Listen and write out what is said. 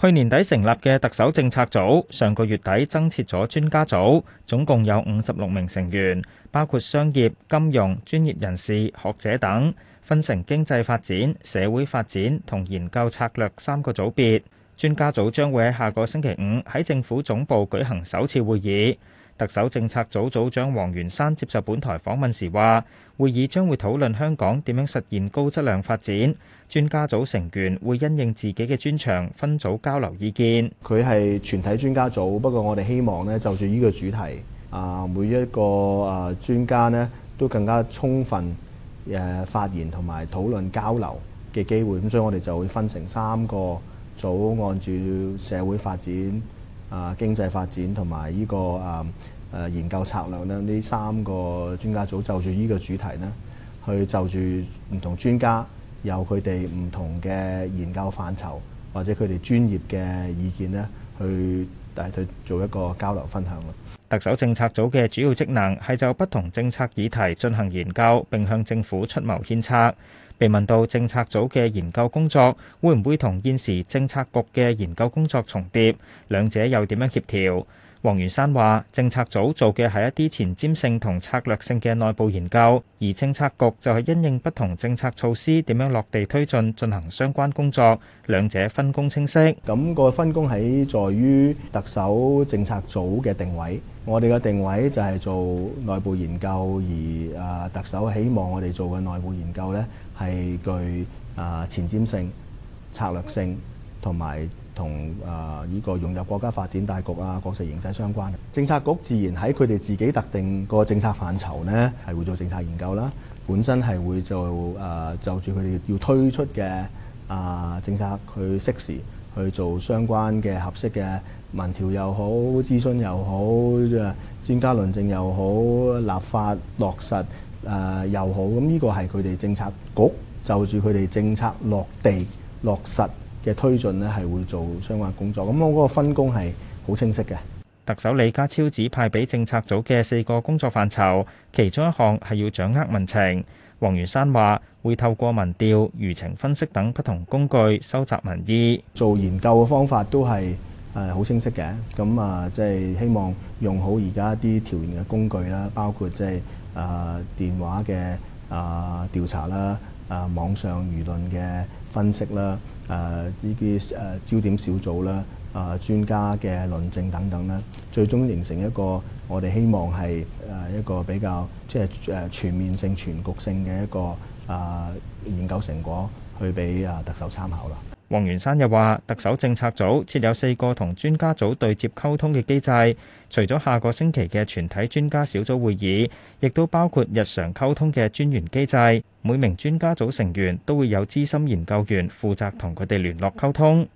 去年底成立嘅特首政策組，上個月底增設咗專家組，總共有五十六名成員，包括商業、金融、專業人士、學者等，分成經濟發展、社會發展同研究策略三個組別。專家組將會喺下個星期五喺政府總部舉行首次會議。特首政策組組長黃元山接受本台訪問時話，會議將會討論香港點樣實現高質量發展。專家組成員會因應自己嘅專長，分組交流意見。佢係全體專家組，不過我哋希望呢就住呢個主題，啊每一個啊專家呢都更加充分誒發言同埋討論交流嘅機會。咁所以我哋就會分成三個組，按住社會發展，啊，經濟發展同埋呢個啊，誒研究策略呢，呢三個專家組就住呢個主題呢去就住唔同專家有佢哋唔同嘅研究範疇，或者佢哋專業嘅意見呢去大佢做一個交流分享。特首政策組嘅主要職能係就不同政策議題進行研究，並向政府出謀獻策。被問到政策組嘅研究工作會唔會同現時政策局嘅研究工作重疊，兩者又點樣協調？黃元山話：政策組做嘅係一啲前瞻性同策略性嘅內部研究，而政策局就係因應不同政策措施點樣落地推進進行相關工作，兩者分工清晰。咁個分工喺在於特首政策組嘅定位，我哋嘅定位就係做內部研究，而啊特首希望我哋做嘅內部研究呢係具啊前瞻性、策略性同埋。同啊呢個融入國家發展大局啊，國際形勢相關，政策局自然喺佢哋自己特定個政策範疇呢，係會做政策研究啦。本身係會做啊、呃、就住佢哋要推出嘅啊、呃、政策，佢適時去做相關嘅合適嘅民調又好，諮詢又好，專家論證又好，立法落實啊、呃、又好。咁呢個係佢哋政策局就住佢哋政策落地落實。嘅推進呢，係會做相關工作。咁我嗰個分工係好清晰嘅。特首李家超指派俾政策組嘅四個工作範疇，其中一項係要掌握民情。黃元山話會透過民調、輿情分析等不同工具收集民意。做研究嘅方法都係誒好清晰嘅。咁啊，即係希望用好而家啲調研嘅工具啦，包括即係誒電話嘅啊調查啦。啊，網上輿論嘅分析啦，誒呢啲誒焦點小組啦，啊專家嘅論證等等啦，最終形成一個我哋希望係誒一個比較即係誒全面性、全局性嘅一個啊研究成果去俾啊特首參考啦。黃元山又話：特首政策組設有四個同專家組對接溝通嘅機制，除咗下個星期嘅全體專家小組會議，亦都包括日常溝通嘅專員機制。每名專家組成員都會有資深研究員負責同佢哋聯絡溝通。